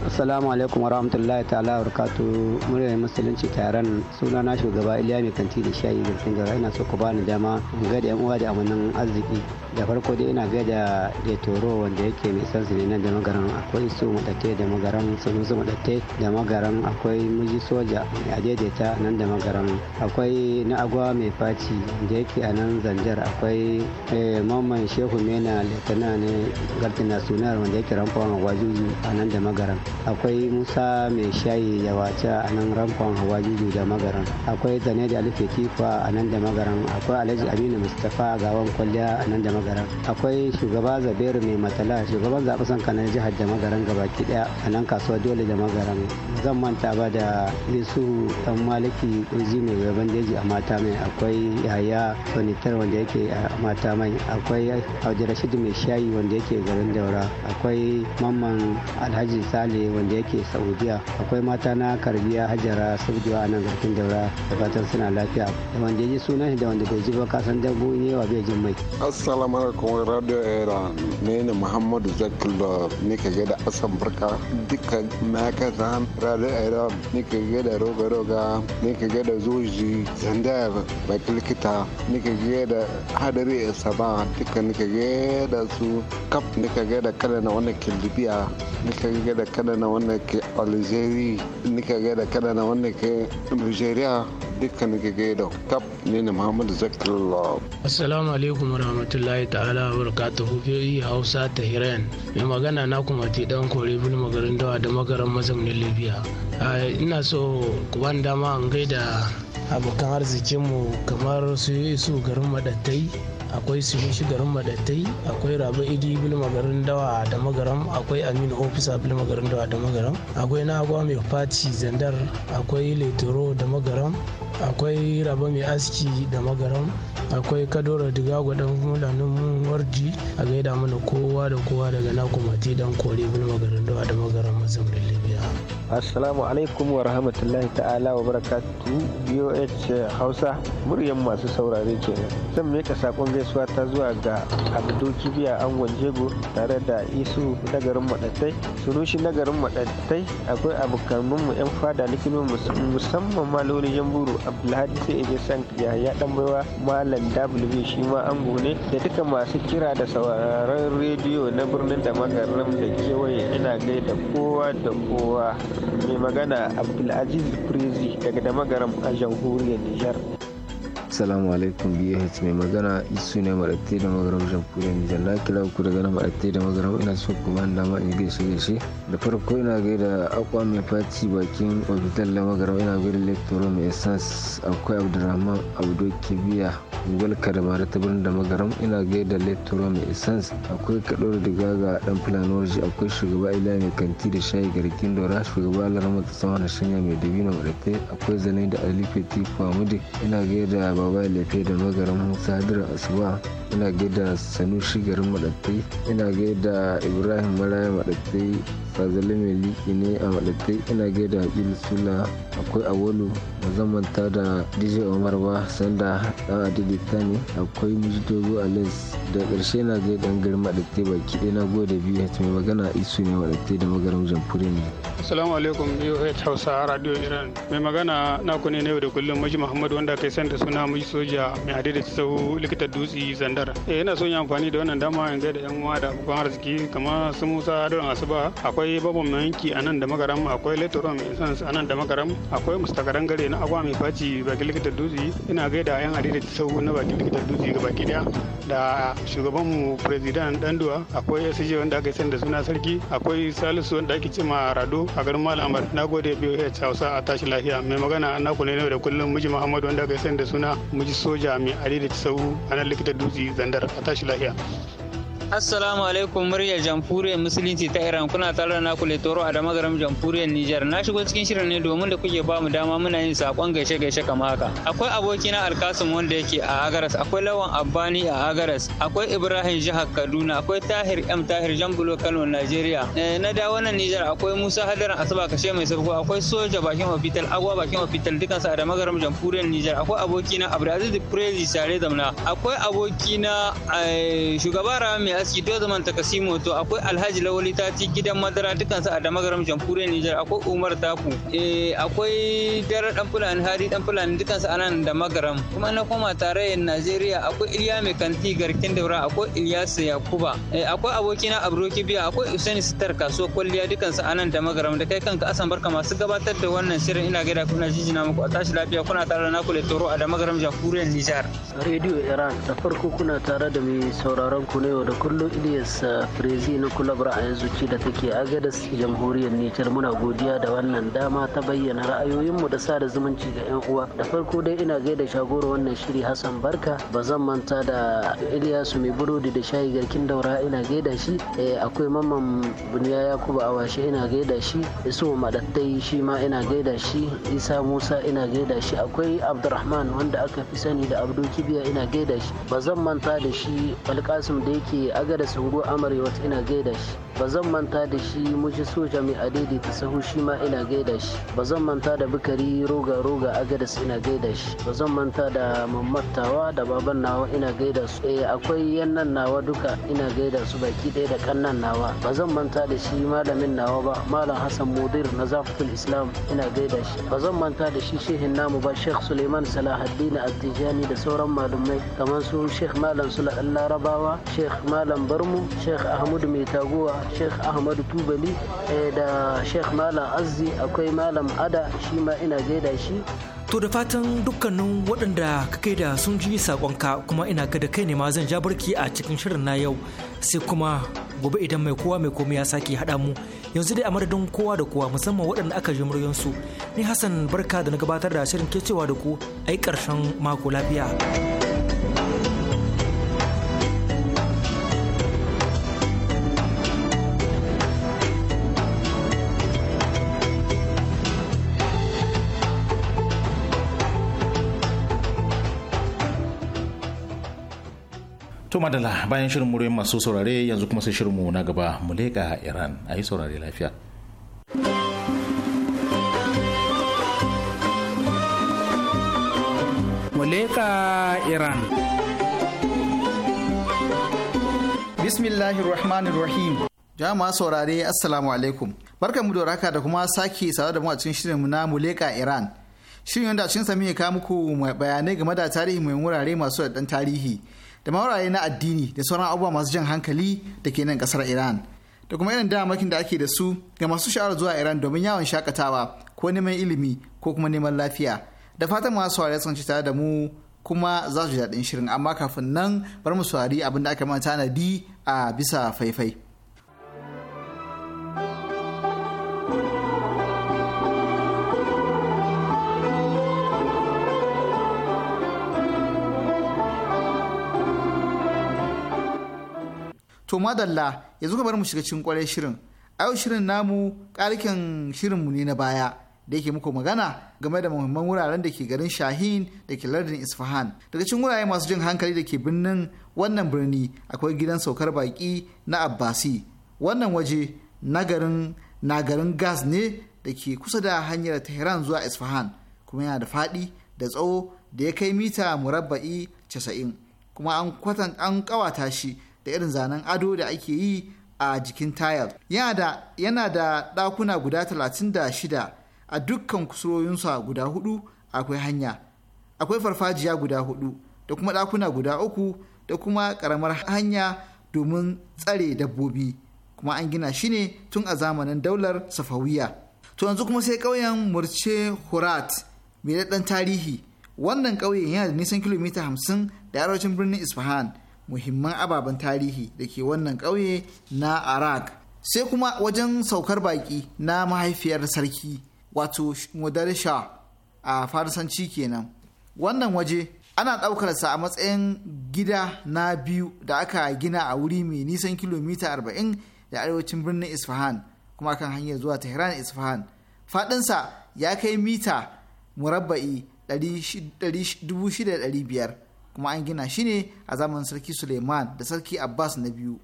Assalamu alaikum warahmatullahi ta'ala barkatu muryar musulunci taron suna na shugaba Iliya mai kanti da shayi da singara ina so ku bani dama in gaida yan uwa da amanan arziki da farko dai ina gaida da toro wanda yake mai san su ne nan da magaran akwai su madatte da magaran sanu su madatte da magaran akwai miji soja mai adaidaita nan da magaran akwai na agwa mai faci da yake a nan zanjar akwai eh, mamman shehu mena litana ne gardina sunar wanda yake a wajuji a nan da magaran akwai musa mai shayi ya wace a nan ramfon hawa juju da magaran akwai zane da alife kifa a nan da magaran akwai alhaji aminu mustapha gawan kwalliya a nan da magaran akwai shugaba zabiru mai matala shugaban zaɓi sanka na jihar da magaran gabaki ɗaya a nan kasuwa dole da magaran zan manta ba da isu dan maliki kurji mai gaban deji a mata mai akwai yaya sonitar wanda yake a mata mai akwai audu rashidu mai shayi wanda yake garin daura akwai mamman alhaji sali wanda yake saudiya akwai mata na karbiya hajara sabjewa a nan garkin daura da fatan suna lafiya wanda ji sunan da wanda bai ji ba kasan dabo ne wa bai jin mai assalamu alaikum radio era ne ne muhammadu zakilba ne ka ga da asan barka duka na ka san radio era ne ka ga da roga roga ne ka ga da zoji zanda ba likita ne ka ga da hadari saba duka ne ka ga da su kap ne ka ga da kana na wannan kildibiya ne ka ga da kana kada na wannan ke algeria nika gaida kada na wannan ke nigeria duka nika gaida kap ne na muhammadu zakirullah assalamu alaikum rahmatullahi ta'ala barakatuhu fi hausa ta hiran mai magana na kuma ti dan kore bin magarin dawa da magaran mazaunin libya ina so ku ban dama an gaida abokan arzikinmu kamar su yi su garin madattai akwai shi garin madattai akwai raba idi bilma garin dawa da magaram akwai aminu ofisa bilma garin dawa da magaram akwai na agwa mai faci zandar akwai leturo da magaram akwai raba mai aski da magaram akwai kadoro diga gwadon mulanin warji a gaida mana kowa da kowa daga na kumati dan kore bilma garin dawa da magaram mazaunin libya assalamu alaikum wa rahmatullahi ta'ala wa barakatu boh hausa muryan masu saurare kenan zan mika sakon gaisuwa ta zuwa ga abdu kibiya angon jego tare da isu na garin maɗattai sunushi na garin maɗattai akwai mu yan fada likimin musamman malolin jamburu abdulhadi sai eje san yaya dan baiwa malam w shi ma ango ne da duka masu kira da sauraron rediyo na birnin da magarin da kewaye ina gaida kowa da kowa mai magana abdulaziz prezi daga da magaram a jamhuriyar nijar assalamu alaikum bh mai magana isu ne maratte da magaram jamhuriyar nijar na kira ku daga na maratte da magaram ina so kuma da dama in gaishe gaishe da farko ina gaida akwa mai faci bakin ofital da magaram ina gaida lektoro mai essence akwai abdurrahman abdo kibiya gwal kadamare ta birnin da magaram ina gaida lektoro mai essence akwai kadoro da ga dan planology akwai shugaba ila mai kanti da shayi garkin dora shugaba alarama ta sama na shanya mai dabino maratte akwai zane da alifeti kwamudi ina gaida baba lefe da magarin musa hadira asuba ina gaida sanushi garin madattai ina gaida ibrahim maraya madattai sazali mai liki ne a maɗattai ina gaida wakil suna akwai awolu ba zan ta da dj omar ba sanda dan ta ne akwai a alex da ƙarshe na gaida dan da maɗattai baki ɗaya na gode biyu mai magana isu ne maɗattai da magarin jamfuri ne. assalamu alaikum voh hausa radio iran mai magana ku ne na yau da kullum maji muhammadu wanda kai sanda da suna maji soja mai hade da tsawo likita dutse zandara. eh ina son yi amfani da wannan dama in gaida yan uwa da abokan arziki kamar su musa adon asuba akwai akwai babban yanki a nan da magaram akwai letoron essence a nan da magaram akwai mustakaran gare na agwa mai faci bakin likitar dutse ina gaida yan adida sau na bakin likitar dutse ga baki daya da shugabanmu president danduwa akwai sj wanda aka sanda da suna sarki akwai salisu wanda ake cima rado a garin malamar na gode boh hausa a tashi lafiya mai magana na kula ne da kullum miji muhammadu wanda aka sanda da suna miji soja mai adida sau a nan likitar dutse zandar a tashi lafiya Assalamu alaikum murya jamhuriyar musulunci ta Iran kuna tare da naku Toro a damagaram jamhuriyar Nijar na shigo cikin shirin ne domin da kuke ba mu dama muna yin sakon gaishe gaishe kamar haka akwai abokina Alkasim wanda yake a Agaras akwai Lawan Abbani a Agaras akwai Ibrahim Jihar Kaduna akwai Tahir M Tahir Jambulo Kano Najeriya eh, na dawo nan Nijar akwai Musa Hadaran Asaba kashe mai sabko akwai soja bakin hospital agwa bakin hospital dukansu a damagaram jamhuriyar Nijar akwai abokina Abdulaziz Prezi Sare Zamna akwai abokina eh, shugaba Rami alhaji do zaman takasimo to akwai alhaji lawali tati gidan madara dukansu a damagaram jamhuriyar nijar akwai umar taku eh, akwai dare dan fulani hari dan fulani dukansu a nan da magaram kuma na koma tarayyar najeriya akwai iliya mai kanti garkin daura akwai ilyasu yakuba eh, akwai abokina abroki biya akwai usaini sitar kasuwa kwalliya dukansu a nan da magaram da kai kanka asan barka masu gabatar da wannan shirin ina gaida kuna jijina muku a tashi lafiya kuna tare da naku toro a da magaram jamhuriyar nijar radio iran da farko kuna tare da mai sauraron ku ne da kullum Ilyas Frezi eh, na kulab ra'ayin zuci da take agadas jamhuriyar Nijar muna godiya da wannan dama ta bayyana ra'ayoyinmu da sada zumunci ga 'yan uwa. Da farko dai ina gaida shagoro wannan shiri Hassan Barka ba zan manta da Ilyasu mai burodi da shayi garkin daura ina gaida shi eh, akwai mamman Buniya Yakubu awashi ina gaida shi Isu Madattai shi ma ina gaida shi Isa Musa ina gaida shi akwai Abdurrahman wanda aka fi sani da Abdul Kibiya ina gaida shi ba zan manta da shi Alkasim da yake da sungo amarewa ina gaida shi ba zan manta da shi mushi soja mai ta sahu shi ma ina gaida shi ba zan manta da bukari roga roga agadas ina gaida shi ba zan manta da mamattawa da baban nawa ina gaida su eh akwai yannan nawa duka ina gaida su baki ɗaya da kannan nawa ba zan manta da shi malamin nawa ba malam hassan mudir na zafatul islam ina gaida shi ba zan manta da shi shehin namu ba sheikh suleiman salahaddin attijani da sauran malumai kamar su sheikh malam sula larabawa sheikh malam malam barmu sheikh ahmadu mai taguwa sheikh ahmadu tubali eh, da sheikh malam azzi akwai malam ada shi ma ina gaida shi To da fatan dukkanin waɗanda ka kai da sun ji saƙonka kuma ina ga da kai ne ma zan ja barki a cikin shirin na yau sai kuma gobe idan mai kowa mai komai ya sake haɗa mu yanzu dai a madadin kowa da kowa musamman waɗanda aka ji muryansu ni Hassan barka da na gabatar da shirin ke cewa da ku ai ƙarshen mako lafiya. To madala bayan shirin muryoyin masu saurare yanzu kuma sai shirinmu na gaba mu leka Iran a yi saurare lafiya. Muleka Iran Bismillahirrahmanirrahim Jama'a saurare Assalamu alaikum Barkanmu da raka da kuma sake sawa da mu a cikin shirinmu na Muleka Iran Shirin yadda cin sami ya kawo muku bayanai game da tarihi mai wurare masu da tarihi da mawaraye na addini da sauran abubuwa masu jan hankali da ke nan kasar iran da kuma irin damakin da ake da su ga masu sha'awar zuwa iran domin yawon shakatawa ko neman ilimi ko kuma neman lafiya da fatan masu saurare sun ci tare da mu kuma za su ji daɗin shirin amma kafin nan bar mu saurari abin da aka mana tanadi a bisa faifai. to madalla yanzu ka bar mu shiga cikin kwarai shirin a yau shirin namu ƙarken shirinmu ne na baya da yake muku magana game da muhimman wuraren da ke garin shahin da ke lardin isfahan daga cikin wurare masu jin hankali da ke birnin wannan birni akwai gidan saukar baƙi na abbasi wannan waje na garin na garin gas ne da ke kusa da hanyar tehran zuwa isfahan kuma yana da faɗi da tsawo da ya kai mita murabba'i 90 kuma an kwatan an kawata shi da irin zanen ado da ake yi a jikin tayal yana da ɗakuna guda 36 a dukkan kusurorinsa guda hudu akwai hanya akwai farfajiya guda hudu da kuma ɗakuna guda uku da kuma ƙaramar hanya domin tsare dabbobi kuma an gina shi ne tun a zamanin daular safawiya to yanzu kuma sai ƙauyen murce hurat mai daɗan tarihi wannan ƙauyen yana da nisan kilomita hamsin da arewacin birnin isfahan muhimman ababen tarihi da ke wannan ƙauye na Arak. Sai kuma wajen saukar baƙi na mahaifiyar sarki wato Mudarsha a Farsanci kenan. Wannan waje ana ɗaukarsa a matsayin gida na biyu da aka gina a wuri mai nisan kilomita 40 da arewacin birnin Isfahan kuma kan hanyar zuwa Tehran Isfahan. Faɗinsa ya kai mita murabba'i 6,500 kuma an gina shi ne a zamanin sarki suleiman da sarki abbas na biyu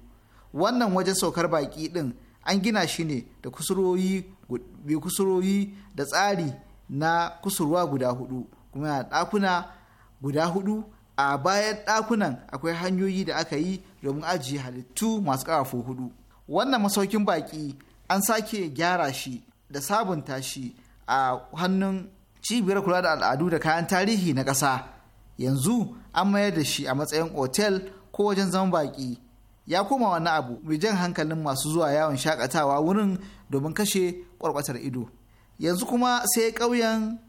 wannan wajen saukar baki din an gina shi ne da kusuroyi da tsari na kusurwa guda hudu kuma yana ɗakuna guda hudu a bayan ɗakunan akwai hanyoyi da aka yi domin ajiye halittu masu ƙarafo hudu wannan masaukin baki an sake gyara shi da sabunta shi a hannun cibiyar kula da al'adu da kayan tarihi na ƙasa yanzu an mayar da shi a matsayin otel ko wajen zaman baƙi ya koma wani abu mai jan hankalin masu zuwa yawon shakatawa wurin domin kashe kwarkwatar ido yanzu kuma sai ƙauyen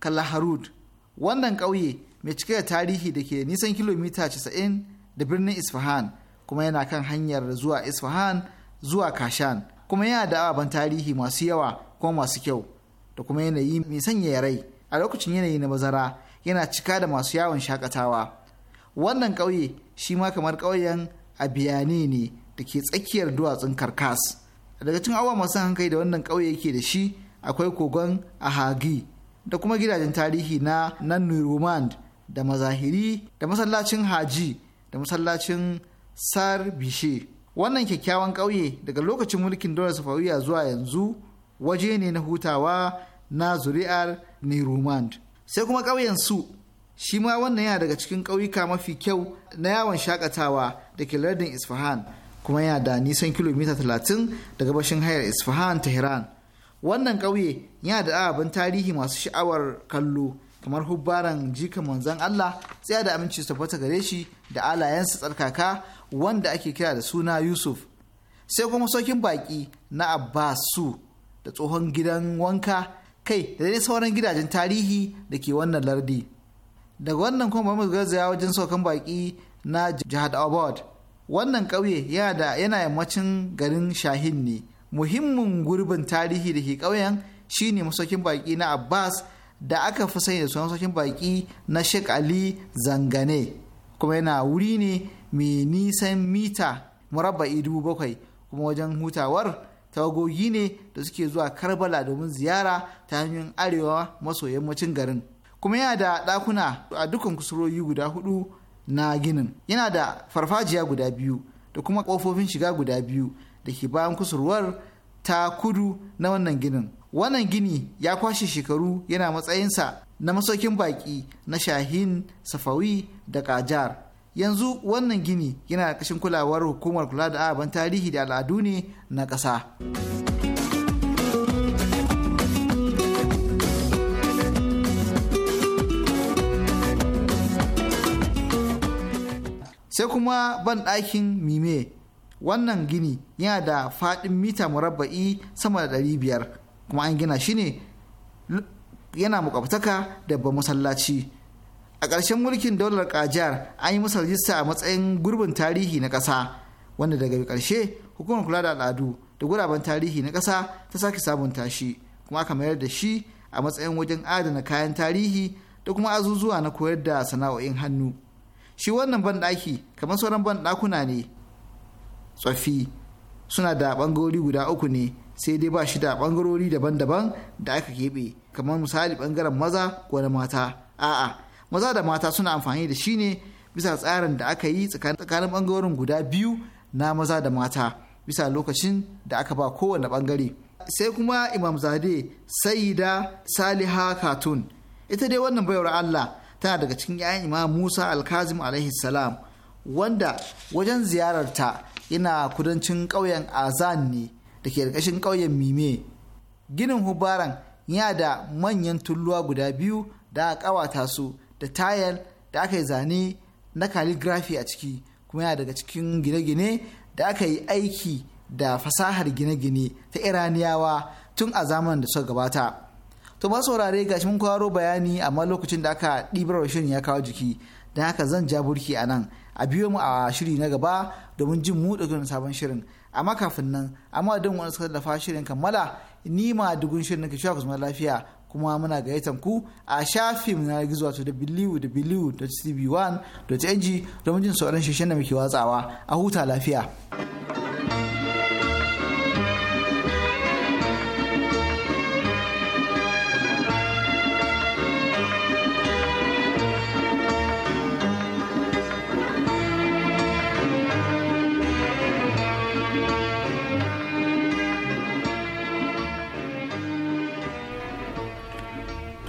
kalaharud wannan ƙauye mai cike da tarihi da ke nisan kilomita 90 da birnin isfahan kuma yana kan hanyar zuwa isfahan zuwa kashan kuma yana da ababen tarihi masu yawa kuma masu kyau da kuma yanayi mai sanya rai a lokacin yanayi na bazara yana cika da masu yawon shakatawa wannan ƙauye shi ma kamar ƙauyen abiyani ne da ke tsakiyar duwatsun karkas daga cikin awa masu hankali da wannan ƙauye yake da shi akwai kogon ahagi da kuma gidajen tarihi na nanurumand da mazahiri da masallacin haji da masallacin sar bishe wannan kyakkyawan ƙauye daga lokacin mulkin daular safawiya zuwa yanzu waje ne na hutawa na zuri'ar nerumand sai kuma ƙauyen su shi ma wannan yana daga cikin ƙauyuka mafi kyau na yawon shakatawa da ke lardin isfahan kuma yana da nisan kilomita talatin daga bashin hayar isfahan tehran wannan ƙauye yana da ababen tarihi masu sha'awar kallo kamar hubbaran jika manzon Allah tsaya da aminci su tabbata gare shi da alayensa tsarkaka wanda ake kira da suna Yusuf sai kuma sokin baki na Abbas su da tsohon gidan wanka kai da dai sauran gidajen tarihi da ke wannan lardi daga wannan kuma mu garzaya wajen saukan baki na jihar abad wannan ƙauye yana da yana yammacin garin shahin ne muhimmin gurbin tarihi da ke ƙauyen shine masaukin baki na abbas da aka fi sani da sunan masaukin baki na sheikh ali zangane kuma yana wuri ne mai nisan mita murabba'i dubu bakwai kuma wajen hutawar tagogi ne da suke zuwa karbala domin ziyara ta hanyoyin arewa maso yammacin garin kuma yana da ɗakuna a dukkan kusurori guda hudu na ginin yana da farfajiya guda biyu da kuma ƙofofin shiga guda biyu da ke bayan kusurwar ta kudu na wannan ginin wannan gini ya kwashe shekaru yana matsayinsa na masaukin baƙi na shahin safawi da kajar yanzu wannan gini yana ƙashin kulawar hukumar kula da ababen tarihi da al'adu ne na ƙasa. sai kuma banɗakin mime wannan gini yana da faɗin mita murabba'i sama da ɗari biyar kuma an gina shi ne yana makwabtaka da ba masallaci a ƙarshen mulkin daular kajar an yi masa rajista a matsayin gurbin tarihi na ƙasa wanda daga ƙarshe hukumar kula da al'adu da guraben tarihi na ƙasa ta sake sabunta shi kuma aka mayar da shi a matsayin wajen adana kayan tarihi da kuma azuzuwa na koyar da sana'o'in hannu shi wannan banɗaki kamar sauran banɗakuna ne tsofi suna da ɓangarori guda uku ne sai dai ba shi da ɓangarori daban-daban da aka keɓe kamar misali ɓangaren maza ko na mata a'a maza da mata suna amfani da shi ne bisa tsarin da aka yi tsakanin bangarorin guda biyu na maza da mata bisa lokacin da aka ba kowane bangare sai kuma imam zade sayida saliha katun ita dai wannan baiwar allah tana daga cikin 'ya'yan imam musa alkazim alaihi salam wanda wajen ziyararta yana kudancin ƙauyen azan ne da ke ƙarƙashin ƙauyen mime ginin hubaran yana da manyan tulluwa guda biyu da a ƙawata su da tayal da aka yi zane na calligraphy a ciki kuma yana daga cikin gine-gine da aka yi aiki da fasahar gine-gine ta iraniyawa tun a zamanin da suka gabata to ba saurare ga mun kwaro bayani amma lokacin da aka ɗibar shirin ya kawo jiki da haka zan ja burki a nan a biyo mu a shiri na gaba domin jin mu da sabon shirin amma kafin nan amma don wani suka tallafa shirin kammala ni ma dugun shirin nake cewa kusurman lafiya kuma muna gayyatar ku a shafin na gizo wato www.tv1.ng domin jin sauran shishin da muke watsawa a huta lafiya.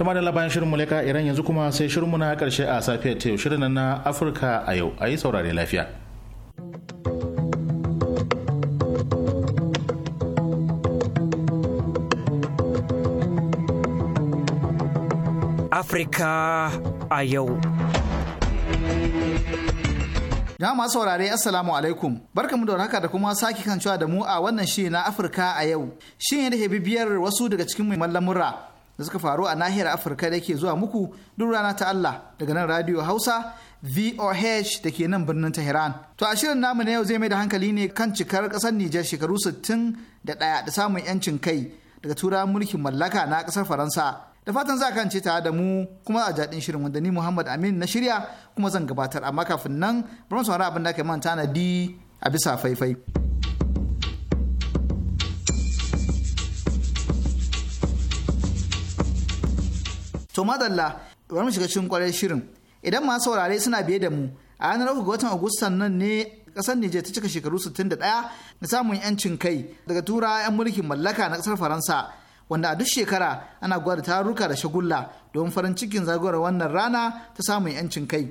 Tuma da labayan shirin muleka Iran yanzu kuma sai shirinmu na karshe a safiya ta yau shirin na Afirka a yau a yi saurare lafiya. Afirka a yau. Da masu saurare Assalamu alaikum. Barkamu da warhaka da kuma sake kancewa da mu a wannan shi na Afirka a yau. Shin yadda ke bibiyar wasu daga cikin muhimman lamura da suka faru a nahiyar afirka da ke zuwa muku duk rana ta allah daga nan radio hausa voh da ke nan birnin tehran to a shirin namu na yau zai mai da hankali ne kan cikar kasar nijar shekaru 61 da samun yancin kai daga tura mulkin mallaka na kasar faransa da fatan za kan ce tare da mu kuma a jaɗin shirin wanda ni muhammad amin na shirya kuma zan gabatar amma kafin nan bari mu saurari abin da aka manta na di a bisa faifai. to madalla bari mu shiga cikin kwarai shirin idan masu saurare suna biye da mu a ranar uku ga watan agustan nan ne kasar Nijar ta cika shekaru 61 da samun yancin kai daga tura 'yan mulkin mallaka na kasar Faransa wanda a duk shekara ana gwada taruka da shagulla don farin cikin zagora wannan rana ta samun yancin kai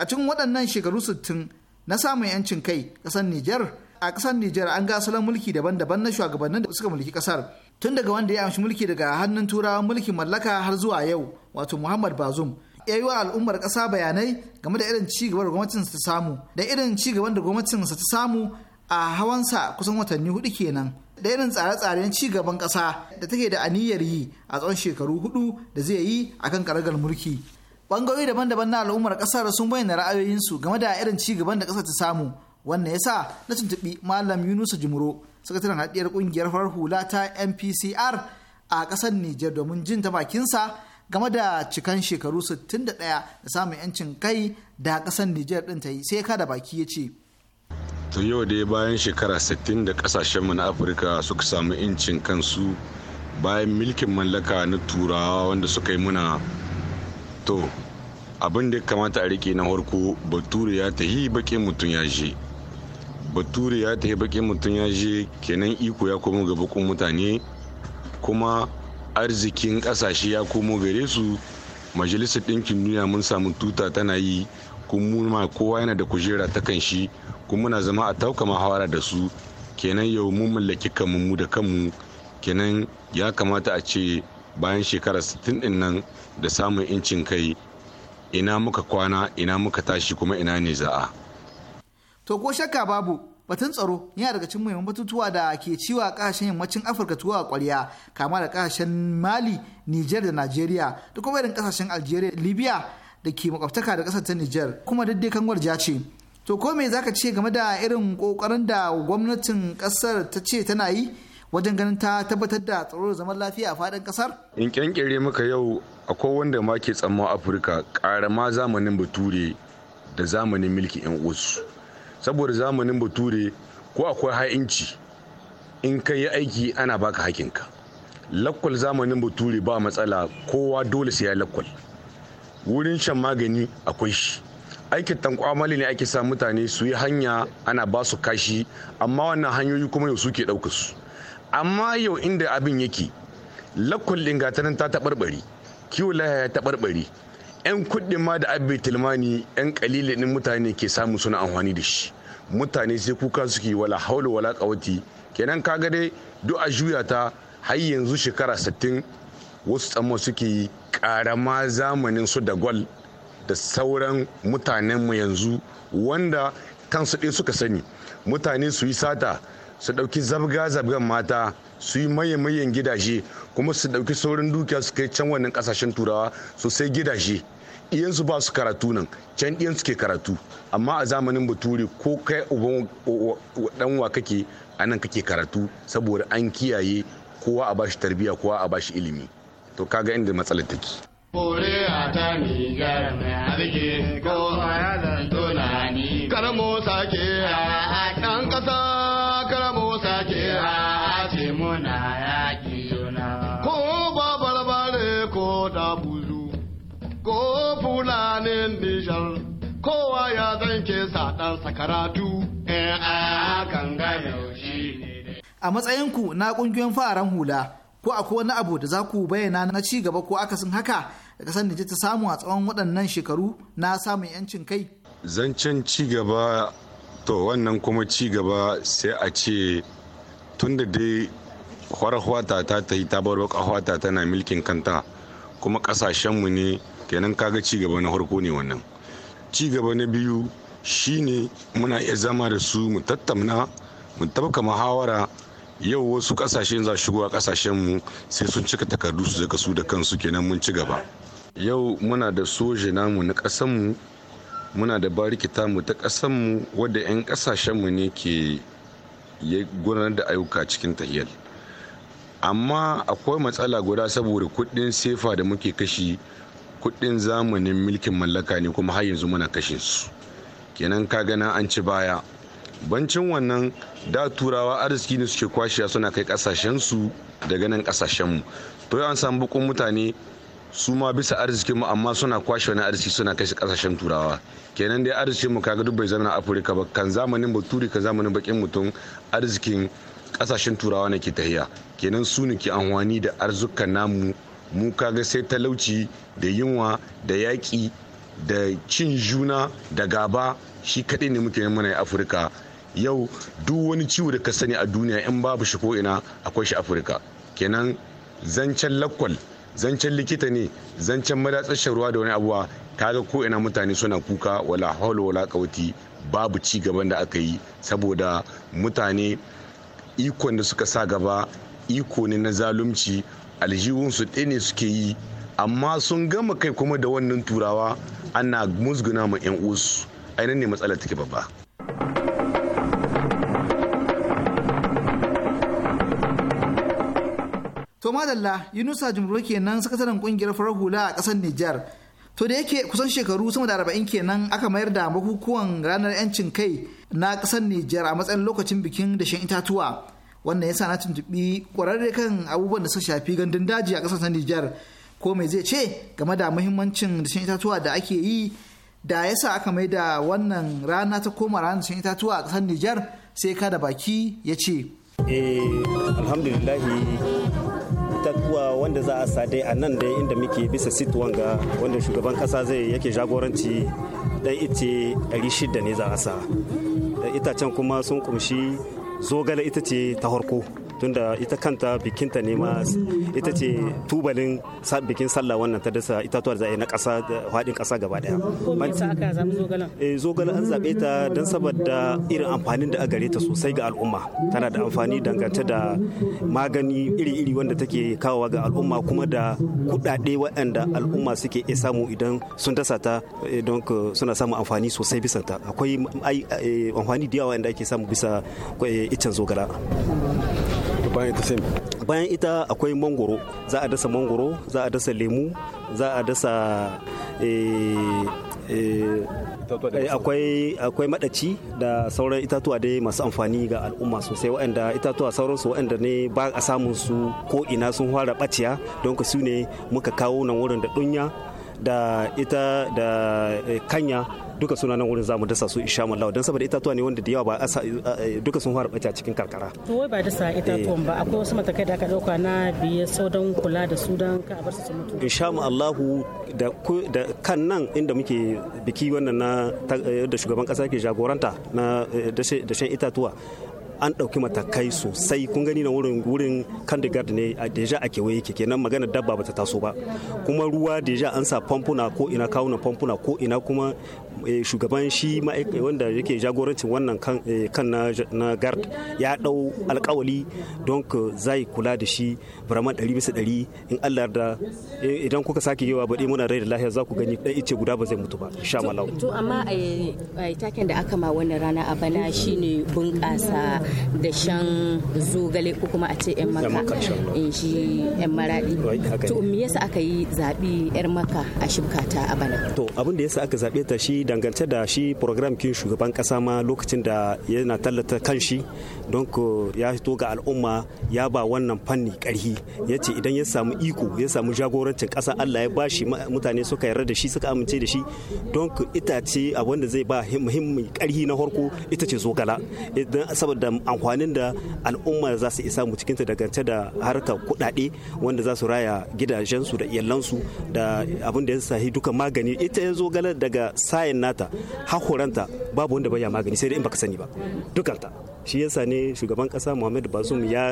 a cikin waɗannan shekaru 60 na samun yancin kai kasar Nijar a ƙasar Nijar an ga asalin mulki daban-daban na shugabannin da suka mulki ƙasar. Tun daga wanda ya amshi mulki daga hannun turawan mulkin mallaka har zuwa yau wato Muhammad Bazum. Ya yi wa al'ummar ƙasa bayanai game da irin ci gaban da gwamnatinsa ta samu da irin ci gaban da gwamnatin ta samu a hawansa kusan watanni hudu kenan. da irin tsare-tsaren ci gaban ƙasa da take da aniyar yi a tsawon shekaru hudu da zai yi kan karagar mulki. Bangarori daban-daban na al'ummar ƙasar sun bayyana ra'ayoyinsu game da irin ci gaban da ƙasar ta samu wannan yasa na tuntuɓi malam yunusa jimuro sakataren haɗiyar ƙungiyar farar hula ta npcr a ƙasar nijar domin jin ta bakinsa game da cikan shekaru 61 da samun 'yancin kai da ƙasar nijar ɗin ta yi sai ka da baki ya ce tun yau dai bayan shekara 60 da ƙasashenmu na afirka suka samu 'yancin kansu bayan milkin mallaka na turawa wanda suka yi muna to abin da kamata a riƙe na harko bature ya tahi baƙin mutum ya je bature ya ta bakin mutum ya je kenan iko ya komo ga bakun mutane kuma arzikin ƙasashe ya komo gare su majalisar ɗinkin duniya mun samu tuta tana yi kuma kowa yana da kujera ta kan shi kuma muna zama a tauka mahawara da su kenan yau mun mallaki kanmu mu da kanmu kenan ya kamata a ce bayan shekara 60 din nan da samun incin kai ina muka kwana ina muka tashi kuma ina ne za'a. to ko shakka babu batun tsaro yana daga cikin muhimman batutuwa da ke ciwa kasashen yammacin afirka tuwa kwarya kama da kasashen mali niger da nigeria da kuma irin kasashen algeria libya da ke makwabtaka da kasar ta niger kuma daidai kan ja ce to ko me zaka ce game da irin kokarin da gwamnatin kasar ta ce tana yi wajen ganin ta tabbatar da tsaro da zaman lafiya a fadin kasar in kyankyare maka yau akwai wanda ma ke tsamman afirka ƙarama zamanin bature da zamanin mulki yan uwansu saboda zamanin bature ko akwai ha'inci in ka yi aiki ana baka hakinka lakwal zamanin bature ba matsala kowa dole sai ya lakwal wurin shan magani akwai shi aikin tankwamali ne ake sa mutane su yi hanya ana ba su kashi amma wannan hanyoyi kuma yau suke ɗauka su amma yau inda abin yake lakwal ɗin gatanin ta taɓarɓari kiwon laya ya taɓarɓari 'yan kuɗin ma da abin tilmani 'yan kalilin mutane ke samu suna amfani da shi mutane sai kuka suke wala haula wala kawati kenan kaga dai duk a juya ta har yanzu shekara 60 wasu tsamma suke yi karama zamanin su da gwal da sauran mutanenmu yanzu wanda kansu ɗaya suka sani mutane su yi sata su ɗauki zabga-zabgan mata su yi maye-mayen gidaje kuma su ɗauki saurin dukiya su kai can wannan ƙasashen turawa sosai gidaje iyansu ba su karatu nan can iyansu ke karatu amma a zamanin bature ko kai uban wa kake a nan kake karatu saboda an kiyaye kowa a bashi tarbiya kowa a bashi ilimi to kaga inda matsalar take ta ko a tunani karamo sake karatu eh, a ganga yaushe matsayinku na kungiyoyin fararen hula ko akwai wani abu da za ku bayyana na ci gaba ko akasin haka da kasan da ta samu a tsawon waɗannan shekaru na samun yancin kai zancen ci gaba to wannan kuma ci gaba sai a ce tunda dai kwarahwata ta ta yi tabar hwata tana milkin kanta kuma kasashenmu ne kenan kaga ci gaba na farko ne wannan ci gaba na biyu shine muna iya zama da su mu tattauna mu tabka muhawara yau wasu kasashen za shigowa kasashen mu sai sun cika takardu su zaka su da kansu kenan mun ci gaba yau muna da soja namu na kasan mu muna da barikita mu ta kasan mu wadda 'yan kasashen mu ne ke ya gudanar da ayyuka cikin tahiyar amma akwai matsala guda saboda kuɗin sefa da muke kashi kuɗin zamanin mulkin mallaka ne kuma har yanzu muna kashe su kenan ka gana an ci baya bancin wannan da turawa arziki ne suke kwashiya suna kai kasashensu daga nan kasashenmu to yawan samu bukun mutane su ma bisa arzikin mu amma suna kwashe wani arziki suna kai su kasashen turawa kenan dai arzikin mu kaga duk bai zama afirka ba kan zamanin baturi kan zamanin bakin mutum arzikin kasashen turawa ne ke tahiya kenan su ne ke amfani da arzukan namu mu kaga sai talauci da yunwa da yaƙi da cin juna da gaba shi kaɗai ne muke mana afirka yau duk wani ciwo da ka sani a duniya in babu shi koina akwai shi afirka kenan zancen lakwal zancen likita ne zancen madatsar sharuwa da wani abuwa kaga ko ina mutane suna kuka wala haula wala kauti babu ci gaban da aka yi saboda mutane ikon da suka sa gaba iko ne na zalunci aljihunsu ɗaya ne suke yi amma sun gama kai kuma da wannan turawa ana musguna ma 'yan usu ainihin ne matsalar take babba to madalla yunusa jumro kenan sakataren kungiyar farar hula a kasar nijar to da yake kusan shekaru sama da arba'in kenan aka mayar da bukukuwan ranar 'yancin kai na kasar nijar a matsayin lokacin bikin dashen itatuwa wannan ya sa na tuntuɓi kwararre kan abubuwan da suka shafi gandun daji a kasar nijar ko mai zai ce game da muhimmancin dashen itatuwa da ake yi da yasa aka mai da wannan rana ta koma ranar dashen itatuwa a kasar Nijar sai ka da baki ya ce. Eh, alhamdulillahi itatuwa wanda za a sadai a nan dai inda muke bisa sit ga wanda shugaban kasa zai yake jagoranci dan ice 600 ne za a sa itacen kuma sun kumshi zogale ita ce ta harko tunda ita kanta bikinta ne ma ita ce tubalin bikin sallah wannan ta dasa itatuwar zaɓe na ƙasa da faɗin ƙasa gaba ɗaya. zogala eh, an zaɓe ta don saboda irin amfanin da gare ta sosai ga al'umma tana da amfani dangance da magani iri-iri wanda take kawowa ga al'umma kuma da kuɗaɗe waɗanda al'umma suke iya samu idan sun dasa ta eh, don suna samun amfani sosai bisa ta akwai eh, amfani da yawa da ake samu bisa iccen zogala. bayan ita sai bayan ita akwai mangoro za a dasa mangoro za a dasa lemu za a dasa eh, eh, eh, akwai akwai madaci da sauran itatuwa dai masu amfani ga al'umma sosai waɗanda itatuwa sauransu waɗanda ne ba a samun su ko ina sun fara ɓaciya don ka su ne muka kawo nan wurin da dunya da ita da kanya duka suna nan wurin zamu dasa su insha Allah dan saboda itatuwa ne wanda da yawa ba eh, duka sun fara bace cikin karkara to wai ba dasa itatuwan ba akwai wasu matakai da aka dauka na biye saudan kula da su dan ka bar su su mutu insha Allah da kan nan inda muke biki wannan na eh, da shugaban kasa ke jagoranta na eh, dashen itatuwa an ɗauki matakai sosai kun gani na wurin wurin kandigar ne a deja a kewaye yake kenan maganar dabba bata taso ba kuma ruwa deja an sa pampuna ko ina kawuna pampuna ko ina kuma Eh, shugaban shi eh, wanda yake jagorancin wannan kan eh, na gard ya dau alkawali don zai kula da shi braman 100 bisa 100 in allah da idan kuka sake yawa baɗe muna rai da lahiyar za ku gani ɗan ice guda ba zai mutu ba sha malau to amma taken da aka ma wannan rana a bana shine bunƙasa da shan zogale ko kuma a ce yan maka in shi yan maradi to me yasa aka yi zaɓi yar maka a shibkata a bana to abin da yasa aka zaɓe ta shi da dangance da shi program kin shugaban kasa ma lokacin da yana tallata kanshi don ya fito ga al'umma ya ba wannan fanni karhi ya ce idan ya samu iko ya samu jagorancin kasa Allah ya bashi mutane suka yarda da shi suka amince da shi don ita ce abin da zai ba muhimmin karhi na farko ita ce zogala idan saboda amfanin da al'umma za su isa mu cikin ta da harkar kuɗaɗe wanda za su raya gidajensu da iyalansu da abin da ya sahi duka magani ita ya zogala daga sayan nata hakoranta babu wanda baya magani sai dai in baka sani ba dukanta shi yasa ne shugaban kasa Muhammadu Bazoum ya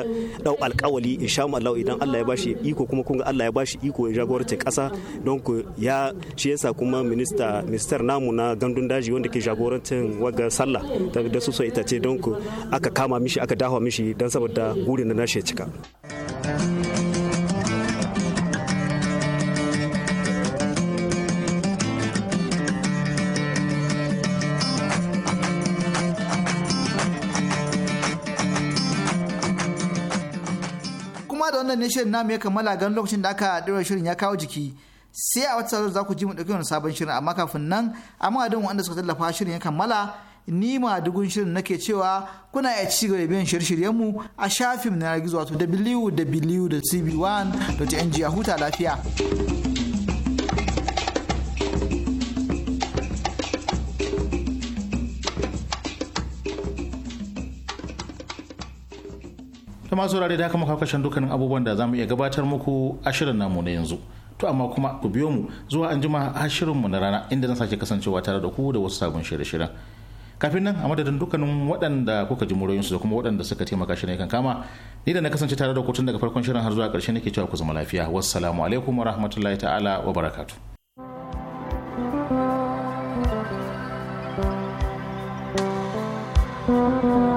dau alkawali insha Allah idan Allah ya bashi iko kuma kun ga Allah ya bashi iko ya kasa don ku ya shi yasa kuma minista minister namu na gandun daji wanda ke jagorancin waga sallah da su so ita ce don ku aka kama mishi aka dawa mishi don saboda gurin da nashi ya cika. da wannan ne shirin namu ya kammala gan lokacin da aka ɗora shirin ya kawo jiki sai a wata sauran za ku ji mu ɗauki wani sabon shirin amma kafin nan a don wanda suka tallafa shirin ya kammala ni ma dugun shirin ke cewa kuna iya ci gaba da biyan shirye mu a shafin na gizo wato www.cb1.ng a huta lafiya. da masu saurare da muka kakashin dukkanin abubuwan da za mu iya gabatar muku a shirin namu na yanzu to amma kuma ku biyo mu zuwa an jima a shirinmu na rana inda zan sake kasancewa tare da ku da wasu sabon shirye-shiryen kafin nan a madadin dukkanin waɗanda kuka ji muryoyinsu da kuma waɗanda suka taimaka shi ne kan kama ni da na kasance tare da ku tun daga farkon shirin har zuwa ƙarshe nake cewa ku zama lafiya wassalamu alaikum wa rahmatullahi ta'ala wa barakatu. thank you